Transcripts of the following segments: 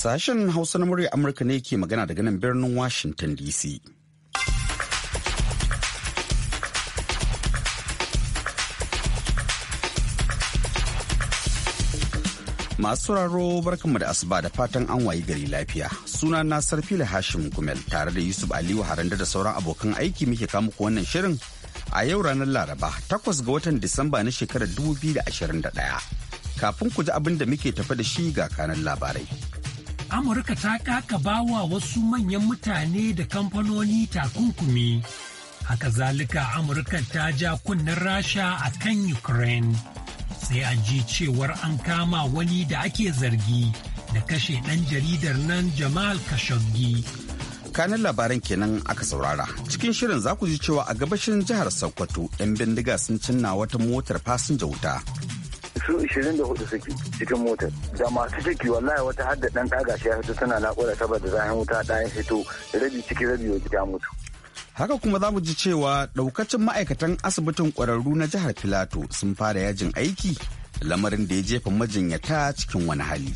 Sashen Hausa na murya Amurka ne ke magana daga nan birnin Washington DC. Masu sauraro barkanmu da asuba da fatan an wayi gari lafiya. Suna na Sarfila Hashim Gumel tare da Yusuf Aliyu Haranda da sauran abokan aiki muke muku wannan shirin a yau ranar Laraba takwas ga watan Disamba na shekarar 2021. Kafin ku ji abin da muke tafi da shi ga kanan labarai. amurka ta kaka wa wasu manyan mutane da kamfanoni takunkumi haka zalika amurka ta ja kunnen rasha a kan ukraine sai a ji cewar an kama wani da ake zargi da kashe ɗan jaridar nan jamal khashoggi kanin labaran kenan aka saurara cikin shirin za ku ji cewa a gabashin jihar sokoto 'yan bindiga sun cinna wata motar fasinja wuta su 24 suke cikin motar da masu ciki wallahi wata hadda dan daga shi ya fito tana nakura saboda zahin wuta ɗayan fito rabi ciki rabi waje ya mutu. Haka kuma za mu ji cewa ɗaukacin ma'aikatan asibitin ƙwararru na jihar Filato sun fara yajin aiki lamarin da ya jefa majinyata cikin wani hali.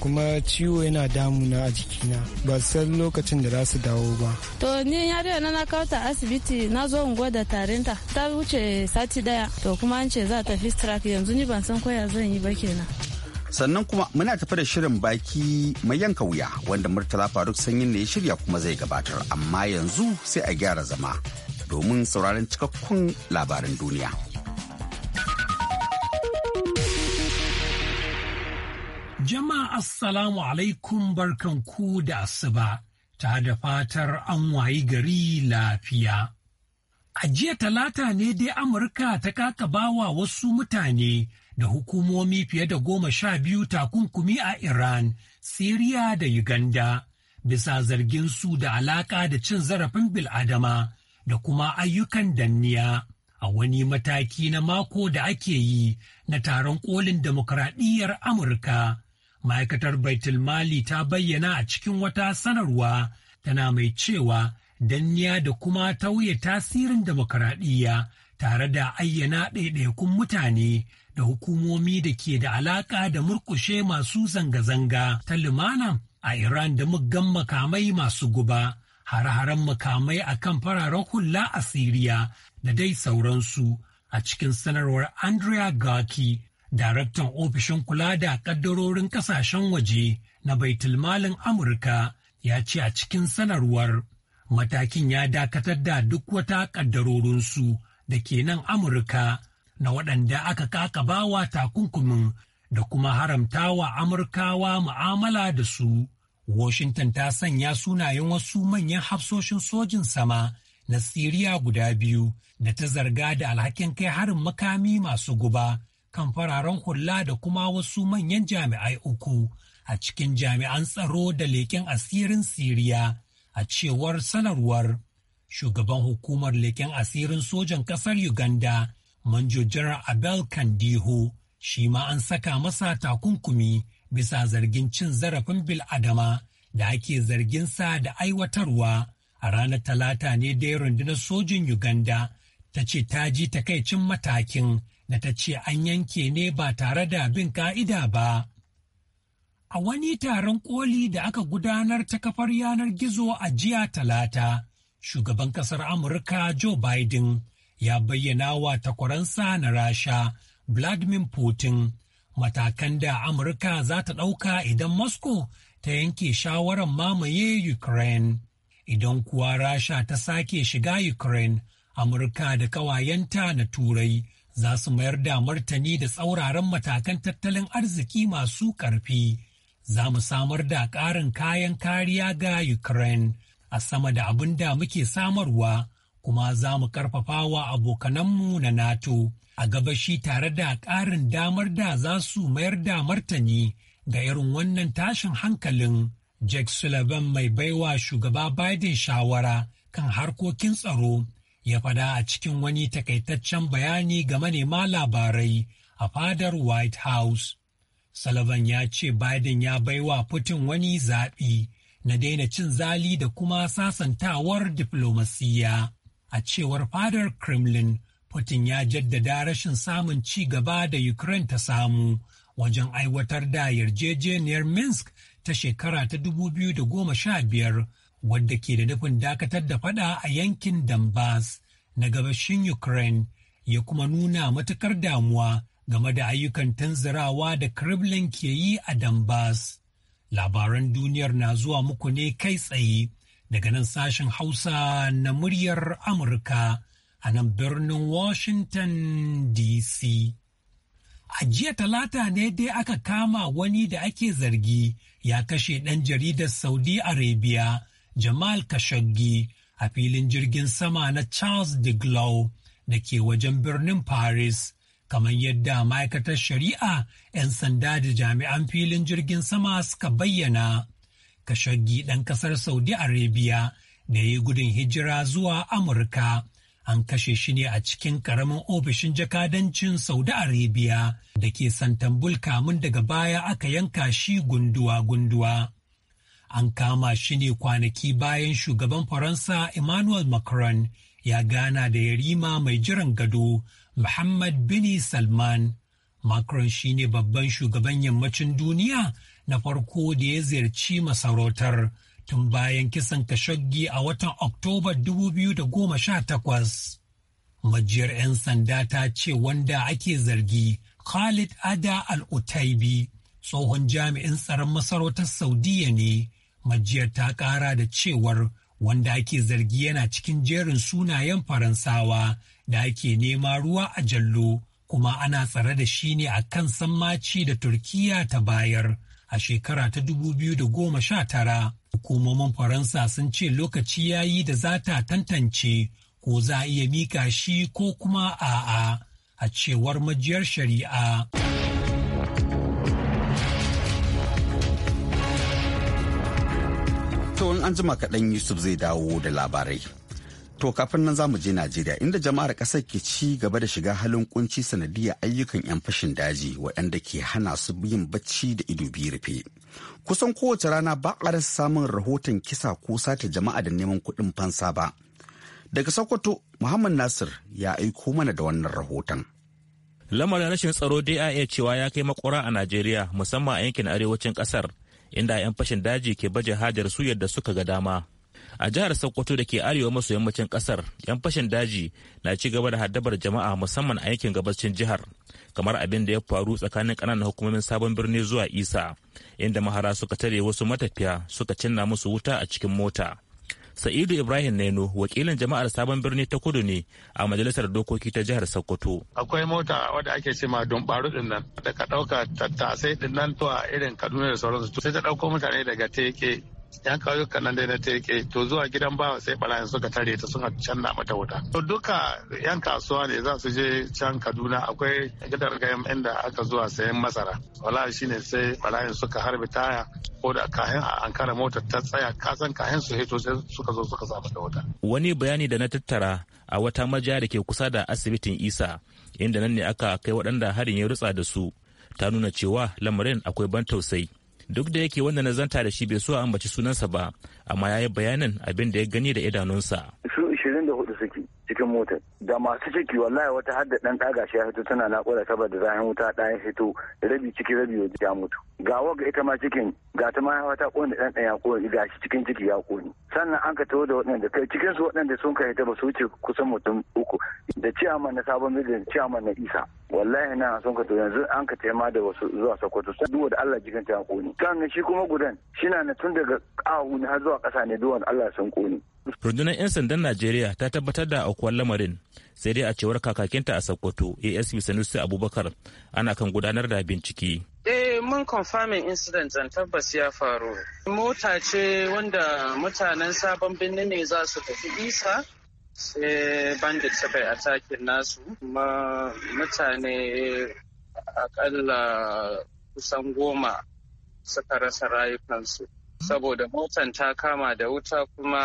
kuma ciwo yana damuna a jikina ba san lokacin da za su dawo ba to ni yariya na na kawo asibiti na zo in gwada tarinta ta wuce sati daya to kuma an ce za ta fi strike yanzu ni ban san koya zan yi ba kenan sannan kuma muna tafi da shirin baki mai yanka wuya wanda murtala faruk sanyin ne ya shirya kuma zai gabatar amma yanzu sai a gyara zama domin sauraron cikakkun labaran duniya. Jama'a Assalamu alaikum barkanku da asuba, ta da fatar an wayi gari lafiya. A jiya talata ne dai Amurka ta kaka bawa wasu mutane da hukumomi fiye da goma sha biyu takunkumi a Iran, Siriya da Uganda, bisa zargin su da alaka da cin zarafin bil'adama da kuma ayyukan danniya. a wani mataki na mako da ake yi na taron kolin demokradiyyar Amurka ma'aikatar baitul mali ta bayyana a cikin wata sanarwa tana mai cewa danniya da kuma tauye tasirin demokaradiyya tare da ayyana ɗaiɗaikun mutane da hukumomi da ke da alaƙa da murkushe masu zanga-zanga ta lumana a iran da muggan makamai masu guba hare-haren makamai a kan fararen hula a siriya da dai sauransu a cikin sanarwar andrea gaki daraktan ofishin kula da ƙaddarorin ƙasashen waje na baitulmalin Amurka ya ce a cikin sanarwar matakin ya dakatar da duk wata ƙaddarorinsu da ke nan Amurka na waɗanda aka bawa takunkumin da kuma haramtawa Amurkawa mu'amala da su. Washington ta sanya sunayen wasu manyan hafsoshin sojin sama na Siriya guda biyu da ta zarga da alhakin kai harin makami masu guba kan fararen hula da kuma wasu manyan jami'ai uku a cikin jami'an tsaro da leƙen asirin Siriya a cewar sanarwar. Shugaban hukumar leƙen asirin sojan ƙasar Uganda, Manjo General Abel Kandiho, shi ma an saka masa takunkumi bisa zargin cin zarafin bil'adama da ake zarginsa da aiwatarwa a ranar talata ne dai rundunar sojin Uganda ta ce ta ji takaicin matakin da ta ce an yanke ne ba tare da bin ka'ida ba. A wani taron koli da aka gudanar ta kafar yanar gizo a jiya talata, shugaban kasar Amurka Joe Biden ya bayyana wa takwaransa na Rasha, Vladimir Putin, matakan da Amurka za ta ɗauka idan Moscow ta yanke shawarar mamaye Ukraine. Idan kuwa Rasha ta sake shiga Ukraine, Amurka da ƙawayenta na Turai za su mayar da martani da tsauraran matakan tattalin arziki masu ƙarfi. Za mu samar da ƙarin kayan kariya ga Ukraine a sama da abin da muke samarwa, kuma za mu ƙarfafa wa abokananmu na NATO a gabashi tare da ƙarin damar da za su mayar da martani ga irin wannan tashin hankalin. Jack Sullivan mai baiwa shugaba Biden shawara kan harkokin tsaro ya fada a cikin wani takaitaccen bayani ga manema labarai a fadar White House. Sullivan ya ce Biden ya baiwa Putin wani zaɓi na daina cin zali da kuma sasantawar diflomasiyya. A cewar fadar Kremlin, Putin ya jaddada rashin samun ci gaba da Ukraine ta samu wajen aiwatar da yarjejeniyar Minsk ta shekara ta 2015 wadda ke da nufin dakatar da fada a yankin Donbass na gabashin Ukraine ya kuma nuna matukar damuwa game da ayyukan tanzirawa da Kremlin ke yi a Donbass. Labaran duniyar na zuwa muku ne kai tsaye daga nan sashen Hausa na muryar Amurka a nan birnin Washington DC. A jiya talata ne dai aka kama wani da ake zargi ya kashe ɗan jaridar Saudi Arabia Jamal Kashaggi a filin jirgin sama na Charles de Gaulle da ke wajen birnin Paris, kamar yadda ma'aikatar shari'a 'yan sanda da jami'an filin jirgin sama suka bayyana. Kashaggi, ɗan ƙasar Saudi Arabia da ya yi gudun hijira zuwa Amurka. An kashe shi ne a cikin ƙaramin ofishin jakadancin Saudi Arabia da ke Santambul kamun daga baya aka yanka shi gunduwa-gunduwa. an kama shi ne kwanaki bayan shugaban faransa emmanuel macron ya gana da yarima mai jiran gado muhammad bin salman macron shine babban shugaban yammacin duniya na farko da ya ziyarci masarautar tun bayan kisan kashoggi a watan oktoba 2018 majiyar 'yan sanda ta ce wanda ake zargi khalid ada al-utaibi tsohon jami'in tsaron masarautar saudiya ne majiyar ta ƙara da cewar wanda ake zargi yana cikin jerin sunayen faransawa da ake nema ruwa a jallo kuma ana tsare da shi ne a kan sammaci da turkiya ta bayar a shekara ta 2019 hukumomin faransa sun ce lokaci ya yi da za ta tantance ko za a iya mika shi ko kuma a'a a cewar majiyar shari'a. to anjima an jima kaɗan yusuf zai dawo da labarai to kafin nan zamu je najeriya inda jama'ar ƙasar ke ci gaba da shiga halin kunci sanadiyar ayyukan 'yan fashin daji waɗanda ke hana su yin bacci da ido biyu rufe kusan kowace rana ba a rasa samun rahoton kisa ko sata jama'a da neman kuɗin fansa ba daga sokoto muhammad nasir ya aiko mana da wannan rahoton lamarin rashin tsaro dai a cewa ya kai makura a najeriya musamman a yankin arewacin ƙasar. inda 'yan fashin daji ke baje hajar su yadda suka ga dama a jihar sokoto da ke arewa maso yammacin kasar yan fashin daji na ci gaba da haddabar jama'a musamman a yankin gabacin jihar kamar abin da ya faru tsakanin ƙananan hukumomin sabon birni zuwa isa inda mahara suka tare wasu matafiya suka cinna musu wuta a cikin mota Sa'idu Ibrahim Neno wakilin jama'ar Sabon Birni ta Kudu ne a majalisar dokoki ta jihar Sokoto. Akwai mota wadda ake ce ma baro din nan da ka ɗauka tattasai din nan to a irin Kaduna da sauransu sai ta ɗauko mutane daga teke yan kauyukan nan da na teke to zuwa gidan bawa sai barayin suka tare ta suna canza mata wuta to duka yan kasuwa ne za su je can kaduna akwai gidan gayan inda aka zuwa sayan masara wala shine sai barayin suka harbi taya ko da kayan a ankara motar ta tsaya kasan kayan su hito sai suka zo suka samu da wuta wani bayani da na tattara a wata majiya da ke kusa da asibitin isa inda nan ne aka kai waɗanda harin ya rutsa da su ta nuna cewa lamarin akwai ban tausayi duk da yake wanda na zanta da shi bai so a ambaci sunansa ba amma ya yi bayanin abin da ya gani da idanunsa su 24 suke cikin motar da masu ciki wallahi wata hadda dan daga shi ya fito tana nakuda saboda zahin wuta ɗayan fito rabi ciki rabi waje ya mutu ga waga ita ma cikin ga ta ma ta kone dan dan ya kone ga shi cikin ciki ya kone sannan an ka tawo da waɗanda kai cikin su waɗanda sun kai ta ba su wuce kusan mutum uku da ciyaman na sabon da ciyaman na isa wallahi na son ka to yanzu an ka tema da wasu zuwa sokoto sai duwa da Allah jikin ta ya kone kan shi kuma gudan shi na tun daga ne har zuwa kasa ne duwan Allah sun kone rundunar 'yan sandan najeriya ta tabbatar da aukuwar lamarin sai dai a cewar kakakinta a sokoto asp sanusi abubakar ana kan gudanar da bincike eh mun confirming incident an tabbas ya faru mota ce wanda mutanen sabon birni ne za su tafi isa sai bandit suka yi atakin nasu kuma mutane akalla kusan goma suka rasa rayukansu saboda motan ta kama da wuta kuma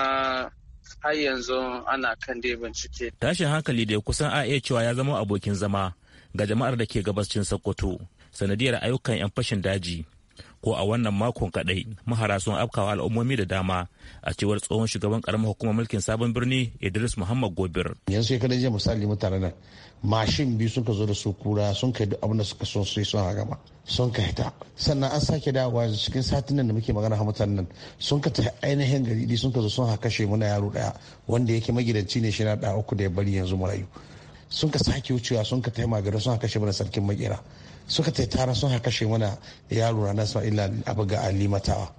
har yanzu ana kan da bincike. Tashin hankali da kusan a iya cewa ya zama abokin zama ga jama'ar da ke cin Sakkwato, sanadiyar ayyukan 'yan fashin daji ko a wannan makon kadai mahara sun afkawa al'ummomi da dama a cewar tsohon shugaban karamar hukumar mulkin sabon birni idris muhammad gobir yanzu ya kada jiya misali mutane nan mashin biyu suka zo da su kura sun kai duk abin da suka so su yi sun ma sun ka hita sannan an sake dawowa cikin satin nan da muke magana mutanen nan sun ka tafi ainihin gari sun ka zo sun haka kashe muna yaro daya wanda yake magidanci ne shi na da uku da ya bari yanzu mu rayu sun ka sake wucewa sun ka taima gari sun kashe mana sarkin makera suka tai tara sun kashe mana yaro na illa abu ga alimatawa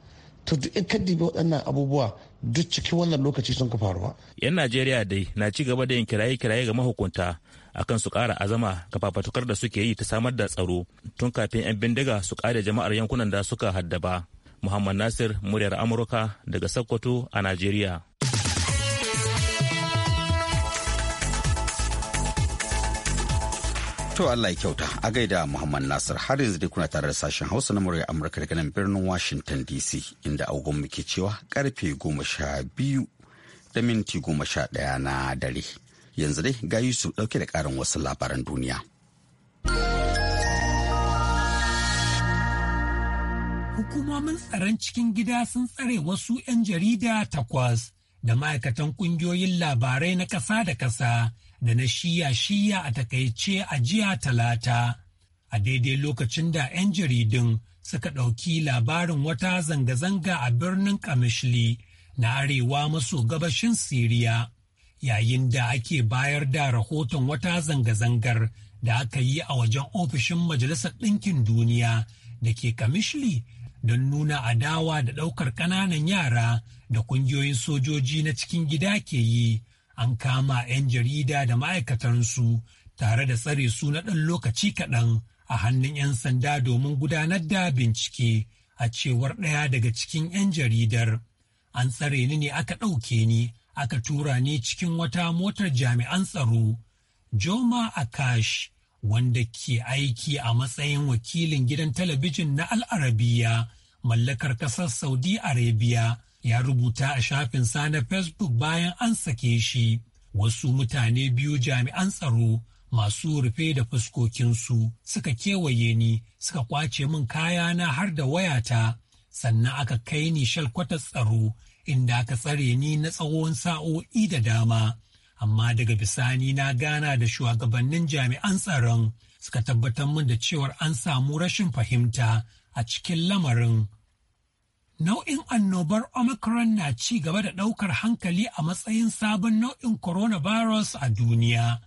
to duk in ka waɗannan abubuwa duk cikin wannan lokaci sun ka faruwa. yan najeriya dai na ci gaba da yin kiraye-kiraye ga mahukunta akan su ƙara azama ga fafatukar da suke yi ta samar da tsaro tun kafin 'yan bindiga su ƙare jama'ar yankunan da suka haddaba. Muhammad Nasir muryar Amurka daga Sokoto a Najeriya. To Allah ya kyauta a gaida Muhammad Nasir har yanzu dai kuna tare da sashen Hausa na murya Amurka daga nan birnin Washington DC inda agogon muke cewa karfe goma sha biyu da minti goma sha ɗaya na dare. Yanzu dai ga Yusuf ɗauke da ƙarin wasu labaran duniya. Hukumomin tsaron cikin gida sun tsare wasu 'yan jarida takwas da ma'aikatan kungiyoyin labarai na ƙasa da ƙasa da na shiya-shiya a takaice a jiya talata a daidai lokacin da 'yan jaridun suka ɗauki labarin wata zanga-zanga a birnin kamishli na arewa maso gabashin siriya yayin da ake bayar da rahoton wata zanga-zangar da aka yi a wajen ofishin majalisar ɗinkin duniya da ke kamishli don nuna adawa da ɗaukar ƙananan yara da ƙungiyoyin sojoji na cikin gida ke yi an kama 'yan jarida da ma'aikatansu tare da tsare su na ɗan lokaci kaɗan a hannun 'yan sanda domin gudanar da bincike a cewar ɗaya daga cikin 'yan jaridar an tsare ni ne aka ɗauke ni aka tura ni cikin wata motar jami'an tsaro joma akash wanda ke aiki a matsayin wakilin gidan talabijin na al'arabiya mallakar kasar saudi arabia ya rubuta a shafin na facebook bayan an sake shi wasu mutane biyu jami'an tsaro masu rufe da fuskokinsu suka kewaye ni suka kwace min kayana har da wayata sannan aka kai ni shalkwatar tsaro inda aka tsare ni na tsawon sa'o'i da dama amma daga bisani na gana da shugabannin jami'an tsaron suka tabbatar min da cewar an samu rashin fahimta a cikin lamarin. Nau'in annobar Omicron na ci gaba da ɗaukar hankali a matsayin sabon nau'in coronavirus a duniya.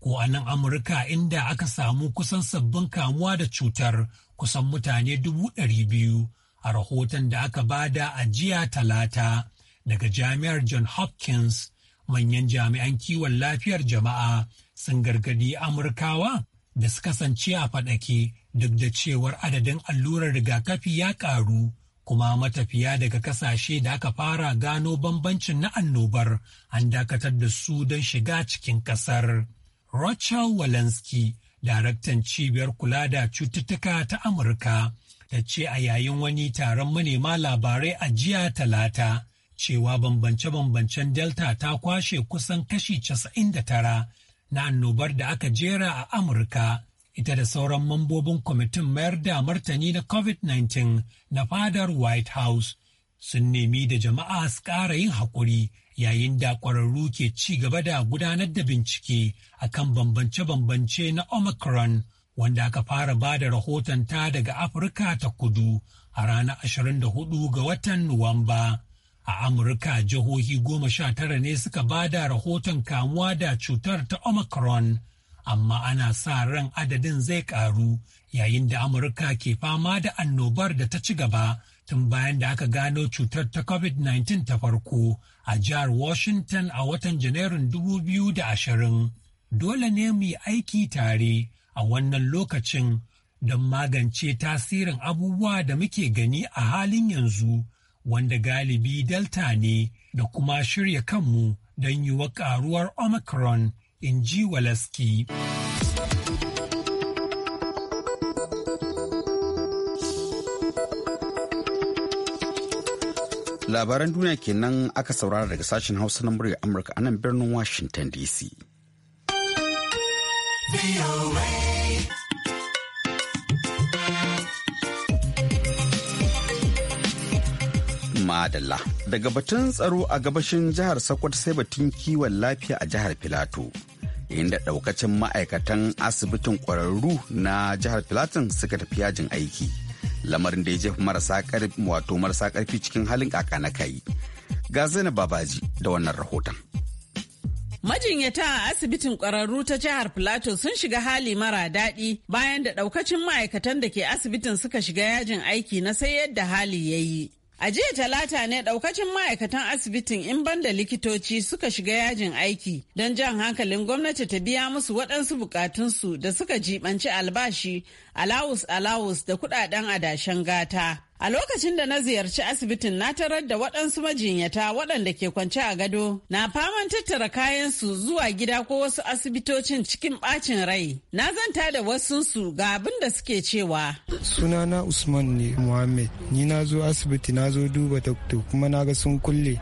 Ko a nan Amurka inda aka samu kusan sabbin kamuwa da cutar kusan mutane dubu ɗari biyu a rahoton da aka bada a jiya talata daga jami'ar John Hopkins manyan jami'an kiwon lafiyar jama'a sun gargadi amurkawa da su kasance a faɗake duk da cewar adadin allurar rigakafi ya ƙaru kuma matafiya daga kasashe da aka fara gano bambancin na annobar an dakatar da su don shiga cikin ƙasar. Rachel Walensky, daraktan cibiyar kula da cututtuka ta Amurka, ta ce a yayin wani taron manema labarai a jiya talata cewa bambance-bambancen Delta ta kwashe kusan kashi casa'in da tara na annobar da aka jera a Amurka, ita da sauran mambobin kwamitin mayar da martani na COVID-19 na fadar White House sun nemi da jama'a su ƙara yin haƙuri yayin da ƙwararru ke ci gaba da gudanar da bincike akan bambance-bambance na Omicron wanda aka fara ba da rahoton ta daga Afirka ta kudu a ranar 24 ga watan Nuwamba. A Amurka jihohi goma sha tara ne suka ba da rahoton kamuwa da cutar ta Omicron, amma ana sa ran adadin zai karu yayin da Amurka ke fama da annobar da ta ci gaba tun bayan da aka gano cutar ta COVID-19 ta farko a jihar Washington a watan Janairun 2020. Dole ne mu yi aiki tare a wannan lokacin don magance tasirin abubuwa da muke gani a halin yanzu. wanda galibi delta ne da kuma shirya kanmu don yiwa karuwar omicron in ji walaski. labaran duniya kenan aka saurara daga sashen hausa na murya amurka a nan birnin washington dc. Madalla. Daga batun tsaro a gabashin jihar Sokoto sai batun kiwon lafiya a jihar Filato. Inda daukacin ma'aikatan asibitin ƙwararru na jihar Filatin suka tafi yajin aiki. Lamarin da ya jefa marasa ƙarfi wato marasa ƙarfi cikin halin kaka na kai. Ga Zainab Babaji da wannan rahoton. Majinyata a asibitin kwararru ta jihar filato sun shiga hali mara daɗi bayan da ɗaukacin ma'aikatan da ke asibitin suka shiga yajin aiki na sai yadda hali ya yi. A jiya talata ne ɗaukacin ma'aikatan asibitin in banda likitoci suka shiga yajin aiki don jan hankalin gwamnati ta biya musu waɗansu bukatunsu da suka jibanci albashi alawus alawus da kuɗaɗen adashen gata. A lokacin da na ziyarci asibitin na tarar da waɗansu majinyata waɗanda ke kwance a gado na faman tattara kayansu zuwa gida ko wasu asibitocin cikin ɓacin rai. Na zanta da wasu su ga abin da suke cewa. Sunana Usman ne Muhammad. Ni na zo asibiti na zo duba dokto kuma na ga sun kulle.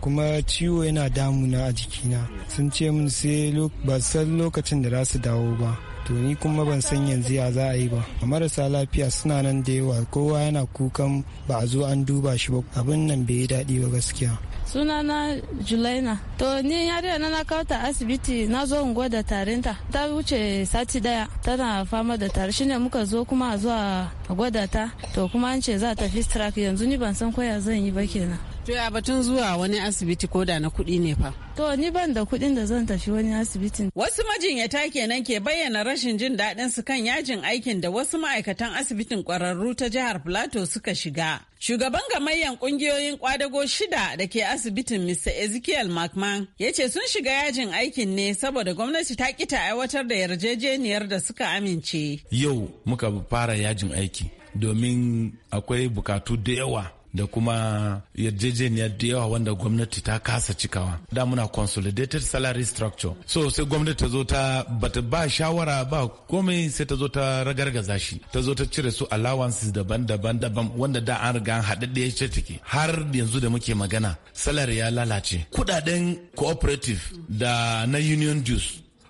kuma ciwo yana damuna a jikina sun ce min sai ba san lokacin da za su dawo ba to ni kuma ban san yanzu ya za a yi ba marasa lafiya suna nan da yawa kowa yana kukan ba a zo an duba shi ba abin nan bai yi daɗi ba gaskiya sunana julaina to ni yariya na na kawo asibiti na zo in gwada tarinta ta wuce sati daya tana fama da tari shine muka zo kuma a zuwa gwada ta to kuma an ce za ta fi strike yanzu ni ban san koya zan yi ba kenan To ya batun zuwa wani asibiti ko da na kuɗi ne fa. To ni ban da kuɗin da zan tafi wani asibitin. Wasu majinyata kenan ke bayyana rashin jin daɗin su kan yajin aikin da wasu ma'aikatan asibitin ƙwararru ta jihar Plateau suka shiga. Shugaban gamayyan ƙungiyoyin ƙwadago shida da ke asibitin Mr. Ezekiel McMahon ya ce sun shiga yajin aikin ne saboda gwamnati ta ƙi ta aiwatar da yarjejeniyar da suka amince. Yau muka fara yajin aiki domin akwai bukatu da yawa da kuma yarjejeniya da yawa wanda gwamnati ta kasa cikawa da muna consolidated salary structure so sai gwamnati ta zo ta bata ba shawara ba komai sai ta zo ta ragargaza shi ta zo ta cire su allowances daban-daban daban wanda da an riga an haɗaɗɗe ce take har yanzu da muke magana salary ya lalace kudaden cooperative da na union dues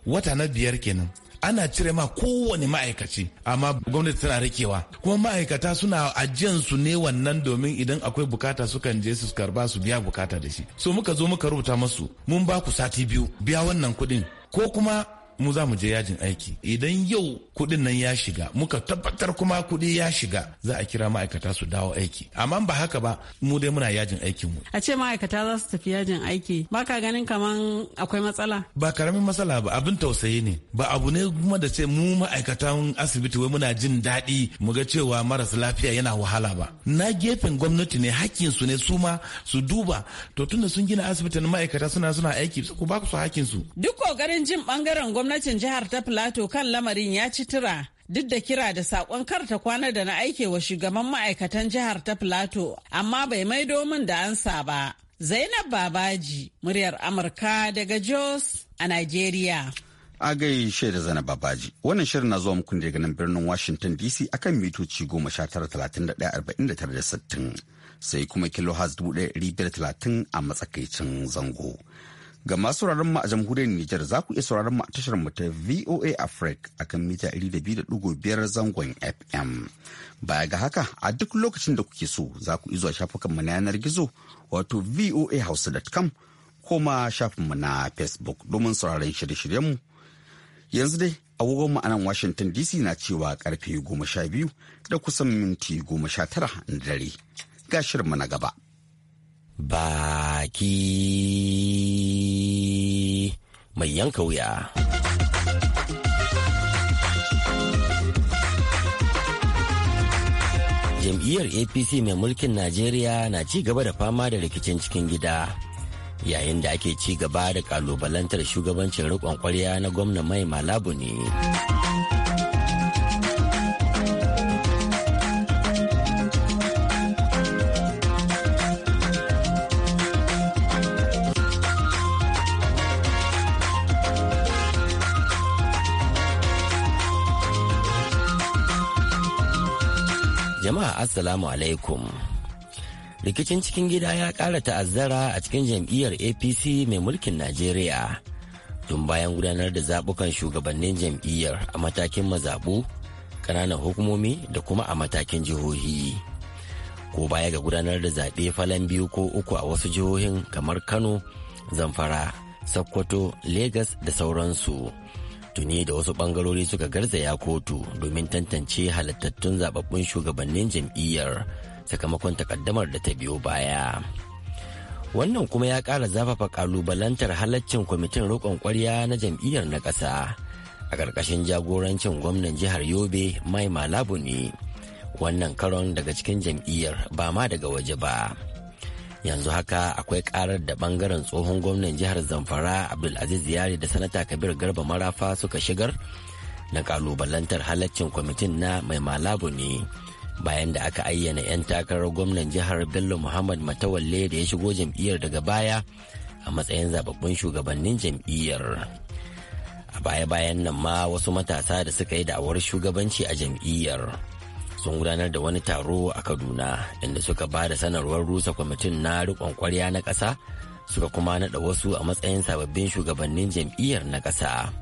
wata na biyar kenan ana cire ma kowane ma'aikaci amma gwamnati tana rikewa kuma ma'aikata suna ajiyan su ne wannan domin idan akwai bukata sukan je su karba su biya bukata da shi so muka zo muka rubuta masu mun ba ku sati biyu biya wannan kuɗin ko kuma mu za mu je yajin aiki idan yau kuɗin nan ya shiga muka tabbatar kuma kuɗi ya shiga za a kira ma'aikata su dawo aiki amma ba haka ba mu dai muna yajin aikin mu a ce ma'aikata za su tafi yajin aiki ba ka ganin kaman akwai matsala ba karamin matsala ba abin tausayi ne ba abu ne kuma da ce mu ma'aikatan asibiti wai muna jin daɗi mu ga cewa marasa lafiya yana wahala ba na gefen gwamnati ne hakkin ne su ma su duba to tunda sun gina asibitin ma'aikata suna suna aiki ku ba ku su hakkin su duk kokarin jin bangaren gwamnati gwamnatin jihar ta Filato kan lamarin ya ci tura duk da kira da sakon karta kwana da na aike wa shugaban ma'aikatan jihar ta Filato, amma bai maido min da ansa ba. Zainab Babaji, muryar Amurka daga Jos a nigeria. A gaishe da Zainab Babaji, wannan shirin na zuwa muku daga nan birnin Washington DC akan mitoci goma sha tara talatin da ɗaya arba'in da tara da sittin sai kuma kilo dubu ɗaya biyar talatin a matsakaicin zango. Ga masu sauraron mu a jamhuriyar Nijar za ku iya sauraron mu a tashar mu ta VOA Africa a kan mita 200.5 zangon FM. Baya ga haka a duk lokacin da kuke so za ku izuwa shafukan mu na yanar gizo wato voahouse.com ko ma shafin mu na Facebook domin sauraron shirye-shiryen mu. Yanzu dai agogon mu a nan Washington DC na cewa karfe 12 da kusan minti 19 na dare. Ga shirin mu na gaba. baki mai yanka wuya. Jam'iyyar APC mai mulkin Najeriya na ci gaba da fama da rikicin cikin gida. Yayin da ake ci gaba da kalubalantar shugabancin riƙon kwarya na gwamna mai malabu ne. assalamu alaikum rikicin cikin gida ya ƙara ta'azzara a cikin jam'iyyar apc mai mulkin najeriya tun bayan gudanar da zaɓukan shugabannin jam'iyyar a matakin mazaɓu ƙananan hukumomi da kuma a matakin jihohi ko baya ga gudanar da zaɓe falon biyu ko uku a wasu jihohin kamar kano zamfara sokoto Legas da sauransu tuni da wasu bangarori suka garzaya kotu domin tantance halittattun zababbun shugabannin jam'iyyar sakamakon takaddamar da ta biyo baya wannan kuma ya ƙara zafafa kalubalantar halaccin kwamitin roƙon ƙwarya na jam'iyyar na ƙasa a ƙarƙashin jagorancin gwamnan jihar yobe mai malabu ne wannan karon daga cikin jam'iyyar ba ma daga waje ba. yanzu haka akwai karar da bangaren tsohon gwamnan jihar zamfara abdulaziz yari da sanata kabir garba marafa suka shigar na kalubalantar halaccin kwamitin na mai malabu ne bayan da aka ayyana 'yan takarar gwamnan jihar bello muhammad matawalle da ya shigo jam'iyyar daga baya a matsayin zababbun shugabannin jam'iyyar a baya-bayan nan ma wasu matasa da suka yi da'awar shugabanci a jam'iyyar sun gudanar da wani taro a kaduna inda suka ba da sanarwar rusa kwamitin na rikon kwarya na ƙasa suka kuma naɗa wasu a matsayin sababbin shugabannin jam'iyyar na ƙasa.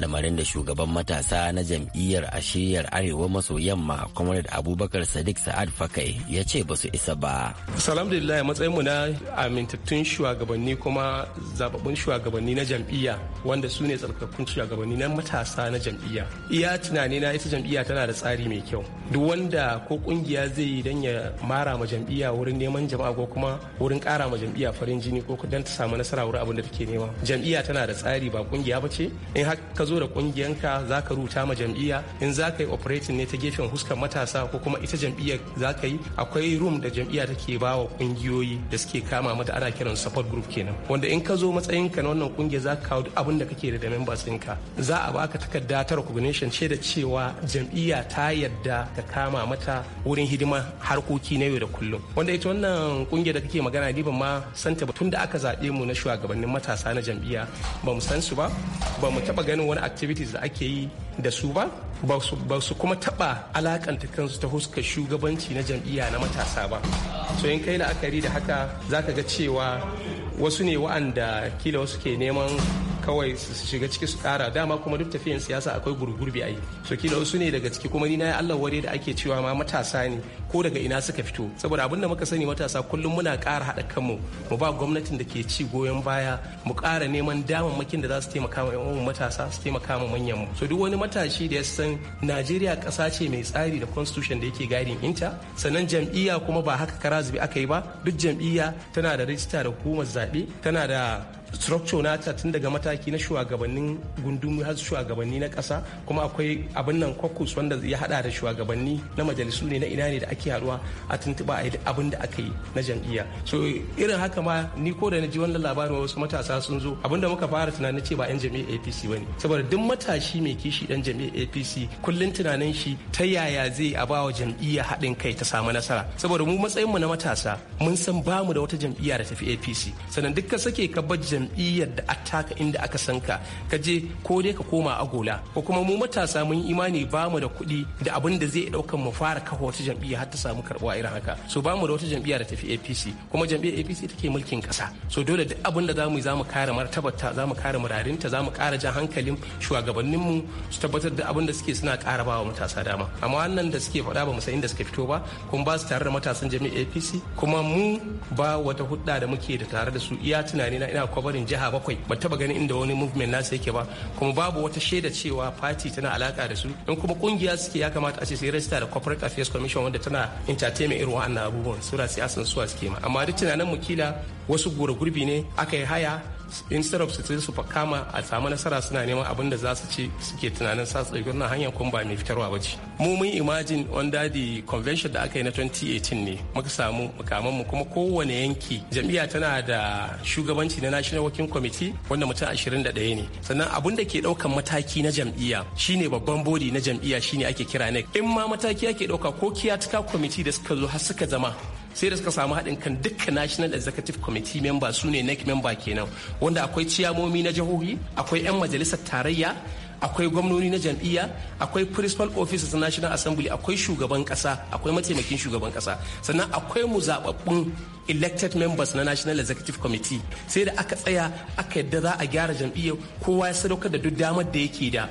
lamarin da shugaban matasa na jam'iyyar a shiryar arewa maso yamma comrade abubakar sadiq sa'ad fakai ya ce ba su isa ba alhamdulillah matsayinmu na amintattun shugabanni kuma zababbun shugabanni na jam'iyya wanda su ne tsarkakun shugabanni na matasa na jam'iyya iya tunani na ita jam'iyya tana da tsari mai kyau duk wanda ko kungiya zai yi don ya mara ma jam'iyya wurin neman jama'a ko kuma wurin kara ma jam'iyya farin jini ko don ta samu nasara wurin abin da take nema jam'iyya tana da tsari ba kungiya ba ce in haka zo da kungiyanka za ka ruta ma jam'iyya in za ka yi operating ne ta gefen huskar matasa ko kuma ita jam'iyya za ka yi akwai room da jam'iyya take ba wa kungiyoyi da suke kama mata ana kiran support group kenan wanda in ka zo matsayinka na wannan kungiya za ka kawo duk abin da kake da members ɗinka za a baka takarda ta recognition ce da cewa jam'iyya ta yadda ka kama mata wurin hidima harkoki na yau da kullum wanda ita wannan kungiya da kake magana ni ban ma santa ba tun da aka zaɓe mu na shugabannin matasa na jam'iyya ba mu san su ba ba mu taɓa ganin wani wani activities da ake yi da su ba ba su kuma taba alakanta kansu ta huskar shugabanci na jam'iyya na matasa ba so in kai la'akari da haka zaka ga cewa wasu ne wa'anda kila wasu ke neman kawai su shiga ciki su kara dama kuma duk tafiyan siyasa akwai gurgurbi ayi so kila wasu ne daga ciki kuma ni na Allah ware da ake cewa ma matasa ne ko daga ina suka fito saboda abin da muka sani matasa kullum muna ƙara haɗa kanmu mu ba gwamnatin da ke ci goyon baya mu ƙara neman daman makin da za su taimaka ma yan matasa su taimaka ma manyan mu so duk wani matashi da ya san Najeriya ƙasa ce mai tsari da constitution da yake gadin inta sannan jam'iyya kuma ba haka kara zubi aka yi ba duk jam'iyya tana da rajista da hukumar zaɓe tana da structure nata tun daga mataki na shugabannin gundumi har shugabanni na kasa kuma akwai abin nan kwakus wanda ya hada da shugabanni na majalisu ne na ina ne da ake haduwa a tuntuba a abin da aka yi na jam'iyya so irin haka ma ni ko da na ji wannan labarin wasu matasa sun zo abin da muka fara tunanin ce ba yan jami'a APC bane saboda duk matashi mai kishi dan jami'a APC kullun tunanin shi ta yaya zai a bawa jam'iyya haɗin kai ta samu nasara saboda mu matsayin mu na matasa mun san bamu da wata jam'iyya da tafi APC sannan duk ka sake ka bar jam'iyyar da attaka inda aka san ka ka je ko dai ka koma agola ko kuma mu matasa mun imani ba mu da kuɗi da abin da zai ɗaukan mu fara kafa wata jam'iyya har ta samu karɓuwa irin haka so ba mu da wata jam'iyya da tafi APC kuma jam'iyyar APC take mulkin ƙasa so dole duk abin da zamu yi zamu kare ta zamu kare murarinta zamu kare jan hankalin shugabanninmu su tabbatar da abin da suke suna ƙara ba matasa dama amma wannan da suke faɗa ba mu san inda suka fito ba kuma ba su tare da matasan jami'ar APC kuma mu ba wata hudda da muke da tare da su iya tunani na ina kwabar barin jiha bakwai ba taba ganin inda wani movement nasu yake ba kuma babu wata shaida cewa party tana alaka da su in kuma kungiya suke ya kamata a ce sai register da corporate affairs commission wanda tana entertainment irin wa'annan abubuwan sura sai asan suwa suke ma amma duk tunanin mu kila wasu gura gurbi ne aka yi haya instead of su su kama a samu nasara suna neman abin da za su ce suke tunanin sa su ɗauki wannan hanyar kuma ba mai fitarwa ba ce mu mun imagine on dadi convention da aka yi na 2018 ne muka samu mukamman mu kuma kowane yanki jam'iyya tana da shugabanci na national working committee wanda mutum 21 ne sannan abin da ke ɗaukan mataki na jam'iyya shine babban bodi na jam'iyya shine ake kira ne in ma mataki ake ɗauka ko kiyatuka committee da suka zo har suka zama sai da suka samu haɗin kan dukkan national executive committee member su ne nec member kenan wanda akwai ciyamomi na jihohi akwai 'yan majalisar tarayya akwai gwamnoni na jam'iyya akwai principal officers na national assembly akwai shugaban kasa akwai mataimakin shugaban kasa sannan akwai mu zababbun elected members na national executive committee sai da aka tsaya aka yadda za a gyara jam'iyyar kowa ya sadaukar da duk damar da yake da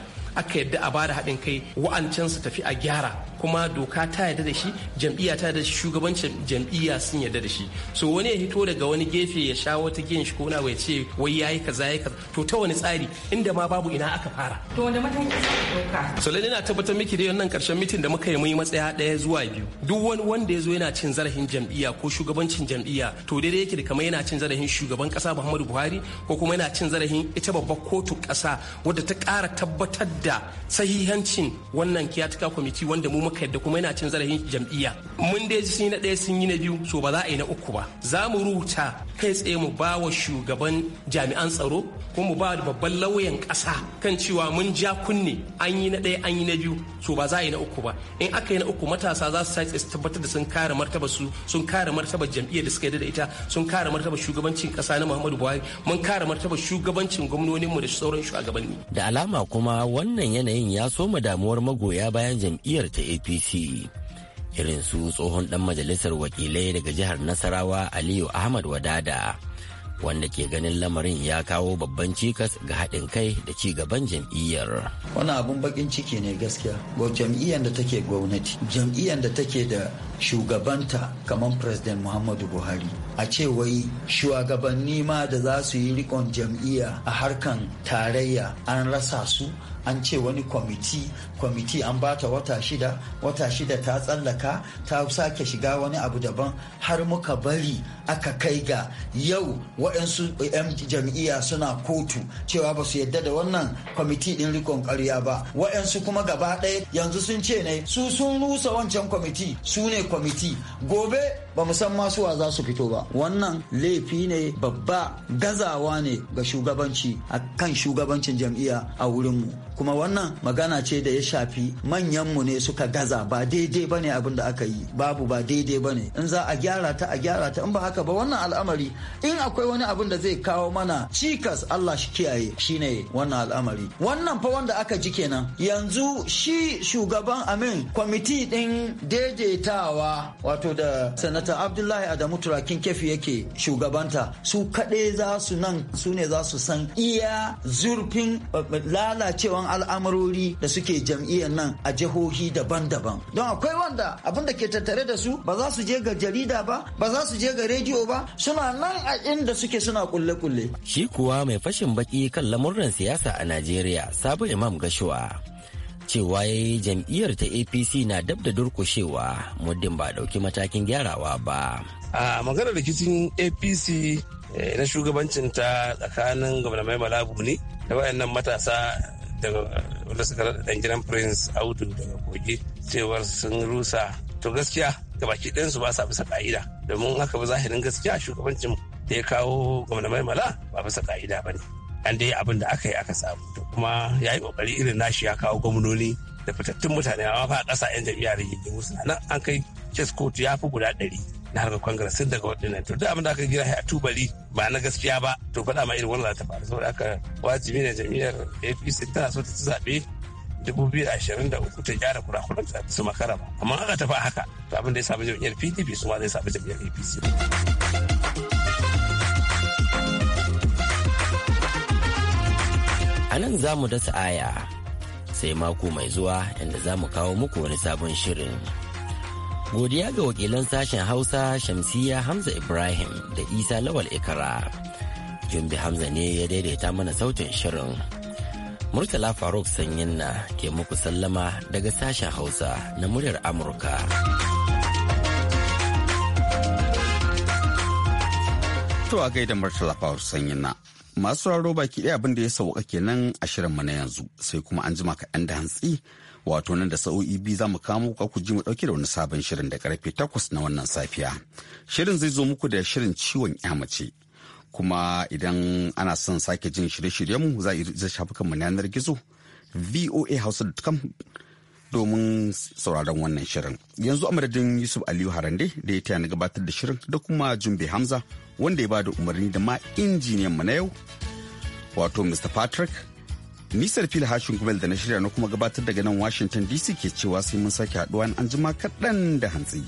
aka yadda a bada haɗin kai wa'ancan su tafi a gyara kuma doka ta yarda da shi jam'iyya ta yarda da shi shugabancin jam'iyya sun yarda da shi so wani ya hito daga wani gefe ya sha wata giyan shi ko na ce wai yayi kaza yayi kaza to ta wani tsari inda ma babu ina aka fara to wanda mataki doka so lalle na tabbatar miki da wannan karshen mitin da muka yi mun yi matsaya daya zuwa biyu duk wani wanda ya zo yana cin zarafin jam'iyya ko shugabancin jam'iyya to daidai yake da kamar yana cin zarafin shugaban kasa Muhammadu Buhari ko kuma yana cin zarafin ita babbar kotu kasa wadda ta kara tabbatar da sahihancin wannan kiyatuka kwamiti wanda mu maka yadda kuma yana cin zarafin jam'iyya mun dai sun yi na ɗaya sun yi na biyu so ba za a yi na uku ba za mu rubuta kai tsaye mu ba wa shugaban jami'an tsaro ko mu ba babban lauyan ƙasa kan cewa mun ja kunne an yi na ɗaya an yi na biyu so ba za a yi na uku ba in aka yi na uku matasa za su sake su tabbatar da sun kare martaba su sun kare martaba jam'iyyar da suka yi da ita sun kare martaba shugabancin ƙasa na Muhammadu Buhari mun kare martaba shugabancin gwamnoninmu da sauran shugabanni da alama kuma wannan yanayin ya soma damuwar magoya bayan jam'iyyar ta apc irin su tsohon dan majalisar wakilai daga jihar nasarawa aliyu ahmad wadada wanda ke ganin lamarin ya kawo babban cikas ga haɗin kai da ci gaban jam'iyyar. Wani abun bakin ciki ne gaskiya. Ga jam'iyyar da take gwamnati, jam'iyyar da take da shugabanta kamar president muhammadu buhari a ce wai shugabanni ma da za su yi rikon jam'iyya a harkan tarayya an rasa su an ce wani kwamiti kwamiti an bata wata shida wata shida ta tsallaka ta sake shiga wani abu daban har muka bari aka kai ga yau waɗansu 'yan jam'iyya suna kotu cewa ba su yadda da wannan kwamiti ɗin rikon ƙarya ba waɗansu kuma gaba ɗaya yanzu sun ce ne su sun rusa wancan kwamiti su ne kwamiti gobe ba mu san masu wa za su fito ba wannan laifi ne babba gazawa ne ga shugabanci a kan shugabancin jam'iyya a wurinmu kuma wannan magana ce da ya shafi manyanmu ne suka gaza ba daidai ba ne abin da aka yi babu ba daidai ba ne in za a gyara ta a gyara ta in ba haka ba wannan al'amari in akwai wani abin da zai kawo mana cikas Allah shi kiyaye shine wannan al'amari wannan fa wanda aka ji kenan yanzu shi shugaban amin kwamiti din daidaitawa wato da sanata sanata abdullahi adamu turakin kefi yake shugabanta su kaɗai za su nan su ne za su san iya zurfin eh, eh, lalacewan al'amarori da suke jam'iyyar nan a jihohi daban-daban don akwai wanda abin da ke tattare da su ba za su je ga jarida ba ba za su je ga rediyo ba suna nan a inda suke suna kulle-kulle shi kuwa mai fashin baki kan lamurran siyasa a najeriya sabu imam gashuwa cewa ya yi jam'iyyar ta apc na dab da durkushewa muddin ba dauki matakin gyarawa ba a maganar rikicin apc eh, na shugabancin ta tsakanin gwamna mai malabu ne da wayannan matasa daga wanda suka dan gidan prince audu daga kogi cewar sun rusa to gaskiya gabaki ɗayansu ba sa bisa ka'ida domin haka ba zahirin gaskiya shugabancin da ya kawo gwamna mai mala ba bisa ka'ida ba ne an dai abin da aka yi aka samu kuma ya yi kokari irin nashi ya kawo gwamnoni da fitattun mutane amma fa ƙasa 'yan jam'iyya da musu na nan an kai chess court ya fi guda ɗari na harkar kwangar sun daga waɗannan to duk abin da aka gina a tubali ba na gaskiya ba to faɗa ma irin wannan ta faru saboda aka wajibi ne jam'iyyar apc tana so ta ci zaɓe uku ta gyara ta su makara ba amma aka tafi haka to abin da ya samu jam'iyyar pdp su ma zai samu jam'iyyar apc. anan nan za mu dasa aya sai mako mai zuwa inda za mu kawo muku wani sabon shirin. Godiya ga wakilan sashen Hausa Shamsiya Hamza Ibrahim da Isa Lawal Ikara. Jumbi Hamza ne ya daidaita mana sautin shirin. Murtala Faruk Sanyin na ke muku sallama daga sashen Hausa na muryar Amurka. To a gaida Murtala Faruk Sanyin na masu sauraro baki ɗaya abin da ya sauka kenan a shirinmu na yanzu sai kuma an jima kaɗan da hantsi wato nan da sa'o'i biyu za mu kamo ka ku ji mu ɗauke da wani sabon shirin da karfe takwas na wannan safiya shirin zai zo muku da shirin ciwon mace kuma idan ana son sake jin shirye-shiryenmu za a shafukanmu na yanar gizo voa voahausa.com domin sauraron wannan shirin. Yanzu amadadin Yusuf Aliyu Harande da ya taya na gabatar da shirin da kuma Jumbe Hamza wanda ya ba da umarni da ma injiniyan mu na yau wato Mr. Patrick. Nisar fil hashin gubel da na shirya na kuma gabatar daga nan Washington DC ke cewa sai mun sake haɗuwa an anjima kaɗan da hantsi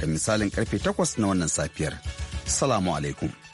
da misalin karfe takwas na wannan safiyar. Salamu alaikum.